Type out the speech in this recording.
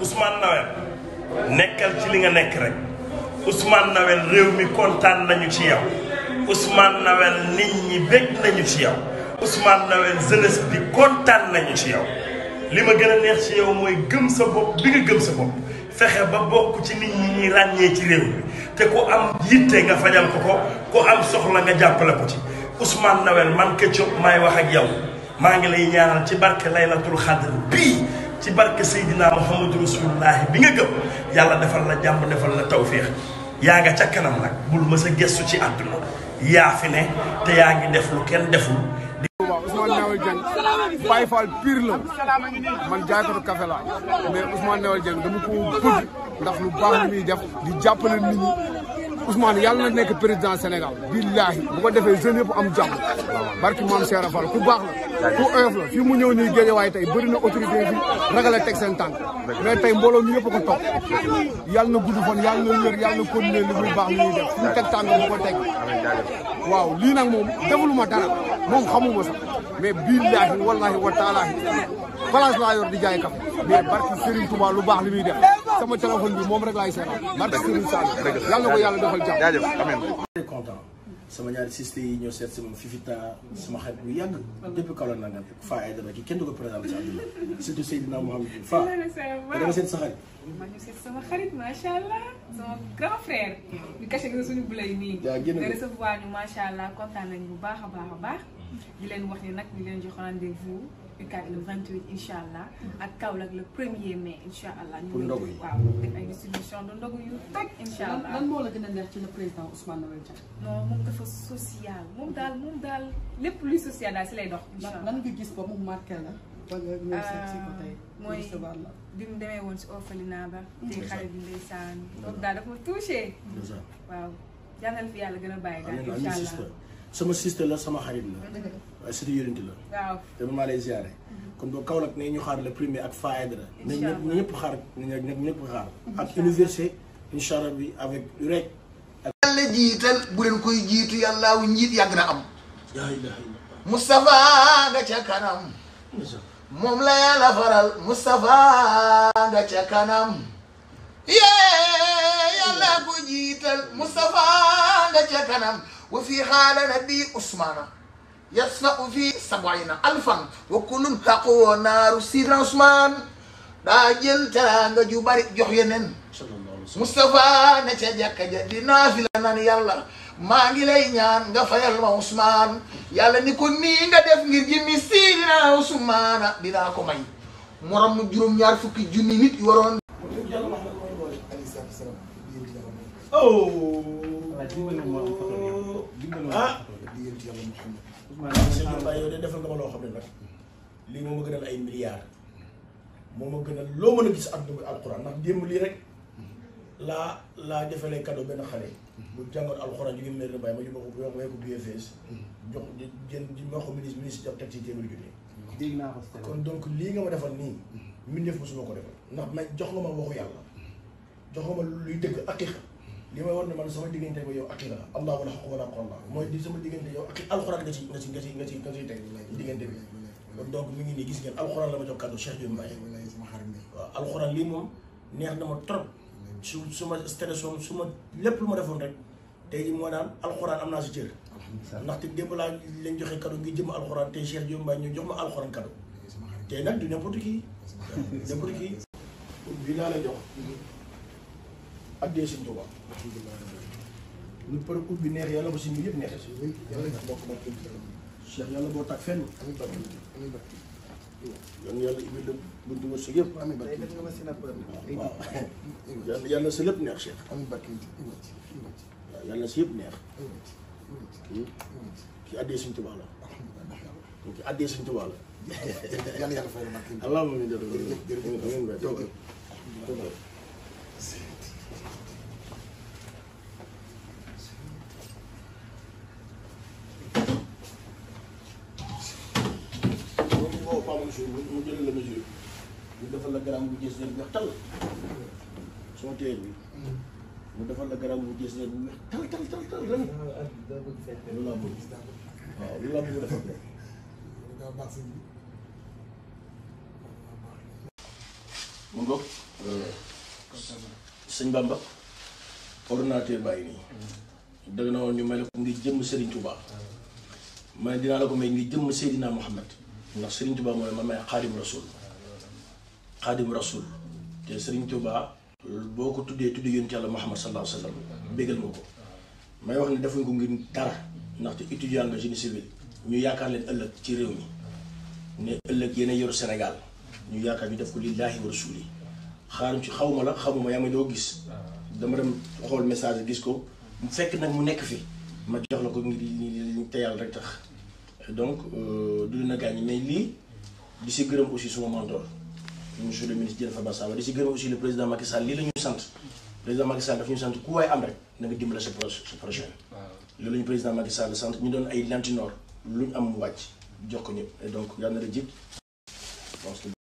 Ousmane Noël nekkal ci li nga nekk rek Ousmane Noël réew mi kontaan nañu ci yow Ousmane Noël nit ñi bég nañu ci yow Ousmane Noël jeunesse bi kontaan nañu ci yow li ma gën a neex ci yow mooy gëm sa bopp bi nga gëm sa bopp fexe ba bokk ci nit ñi ñuy ràññee ci réew mi te ku am yitte nga fajal ko ko ku am soxla nga jàppale ko ci Ousmane Noël man Ketchup may wax ak yow maa ngi lay ñaanal ci barke laylatul xadr bii ci barke Seydina Muhammadu Rasulullahi bi nga gëm yàlla defal la jàmm defal la tawféex yaa nga ca kanam nag bul mës a gëstu ci àdduna yaa fi ne te yaa ngi def lu kenn deful. Ousmane Newel Dieng Baye Fall pire la man jaaykatu café la mais Ousmane Newel Dieng dama ko bëgg ndax lu baax li muy def di jàppale nit ñi. Ousmane yàlla na nekk président Sénégal billaahi bu ko defee jeunes yëpp am jàmm barki maam Cheikh Fall ku baax la ku oyof la fii mu ñëw nii géejawaay tey bëri na autorité bi ragal a teg seen tànk mais tey mbooloo mi yëpp ko topp yàlla na gudd fan yàlla na wér yàlla na continuer li muy baax li muy def fu mu teg tànk bu ko teg waaw lii nag moom defuluma dara moom xamuma sax mais billaahi wallaahi wa taalaahi place laa yor di jaay kam mais barki Serigne Touba lu baax li muy def sama téléphone bi moom rek laay seetaan barke Serigne Sall yàlla na ko yàlla defal jàmm jaajëf amiin très content sama ñaari siste yi ñoo seet sama fifita sama xarit bu yàgg depuis kaw la naa dem Faa ay dara ki kenn du ko présenté ci àdduna surtout Seydina Mouhamed Faa da nga seet sa xarit maa ngi seet sama xarit macha allah sama grand frère ñu kese gi suñu bulay nii nga recevoir ñu macha allah kontaan nañu bu baax a baax a baax di leen wax ni nag ñu leen jox rendez-vous UCAD le 28 incha allah ak Kaolack le premier mai incha allah. ñu ngi lay waaw def ay distribution de ndogu yu toj. incha allah lan moo la gën a neex ci le président Ousmane Noël Diagne. non moom daal lépp luy social daal si lay dox. incha allah lan nga gis ba mu marqué la. Euh, mooy bi mu woon si orphelinat ba te xale bi ndeysaan. loolu daal dafa touché. waaw jàngal fi yàlla gën a bàyyi daal incha allah sama sister la sama xarit la waaye surtout yonent la te maa lay ziare kon boo Kaolack ne ñu xaar le premier ak faedra na ñëpp xaar na ñëpp xaar ak université incha allah bi avec rek yàlla jiital bu koy jiitu yàllaaw njiit yàgg na am Moustapha nga ca kanam moom la yàlla faral Moustapha nga ca kanam yee yàlla ko jiital Moustapha nga ca kanam wa fii xaalana bii Ousmane yasna'u fii na alfan wa kullun xaqoo naaru sidna Ousmane daa jël teraanga ju bari jox yeneen Moustapha ne ca jàkka ja di naafila naan yàlla maa ngi lay ñaan nga fayal ma Ousmane yàlla ni ko nii nga def ngir jëmmi sidna Ousmane dinaa ko may morom mu juróom-ñaar fukki junni nit waroon. ah diggante ma xam ne yow de defal nga ma loo xam ne nag lii moo ma gënal ay milliards moo ma gënal loo mën a gis àdduna bi alxuraan ndax démb lii rek laa laa defalee cadeau benn xale bu jàngoon alxuraan ju ngi mel ne bàyyi ma juma bu yox may ko jox jën ji ma ko ministre ministre jox teg ci téeméeri junni dégg kon donc lii nga ma defal nii mbindeef mosuma ko defal ndax ma jox nga ma waxu yàlla jox nga ma luy dëgg ak li may wan na man sama diggante ba yow ak la allahu la xaq wala qolla mooy di sama diggante yow ak alxuraan nga ci nga ci nga diggante bi kon donc la ma jox kàddu Cheikh Diop Mbaye moom neex na ma trop su su ma stressoon su ma lépp lu ma defoon rek tey jii moo naan alxuraan am naa si cër te démb laa lañ joxe kàddu ngi jëm alxuraan te Cheikh Diop Mbaye ñu jox ma alxuraan kàddu te nag di n'importe qui n'importe qui bi laa la jox addee sëñ Tuubaa lu par ubbi neex yàlla ba si ñu yëpp neexee si yàlla na bokk barke Cheikh yàlla boo tàgg fenn yàlla yàlla la buntu ma si yëpp amiin barke waaw yàlla si lépp neex Cheikh amiin barke waaw yàlla si yëpp neex ki addee sëñ Tuubaa la ki la yàlla yàlla fay la barke allahumma amiin jërëjëf jërëjëf am suuf mu jëlee la mu gis leen bu weex defal la gramme bu gis leen bu weex tal tal tal tal lan lu laa euh, ordinateur bàyyi nii dëgg na woon ñu may la ko ngir jëmm Serigne Touba ma ne dinaa la ko may ngir ndax Serigne Touba mooy man may xaadim rasul xaadim rasul te Serigne Touba boo ko tuddee tuddee yonent Yàlla Muhammad sallallahu alayhi wa sallam bégal nga ko may wax ne defuñ ko ngir dara ndaxte étudiant nga génie civil ñu yaakaar leen ëllëg ci réew mi ne ëllëg yéen a yor Sénégal ñu yaakaar ñu def ko lillaahi wa rasuuli xaarum ci xaw ma la xamuma yaa ma doo gis dama dem xool message gis ko mu fekk nag mu nekk fi ma jox la ko ngir te yàlla rek tax donc euh, du na gaañ mais lii di si gërëm aussi suma mentor monsieur le ministre Diène Farba Sall di si gërëm aussi le président Macky Sall lii la ñu sant président Macky Sall daf ñu sant ku waay am rek na nga dimbale sa projet sa projet président Macky Sall sant ñu doon ay lantinoor lu ñu am wàcc jox ko ñëpp et donc yal na la jib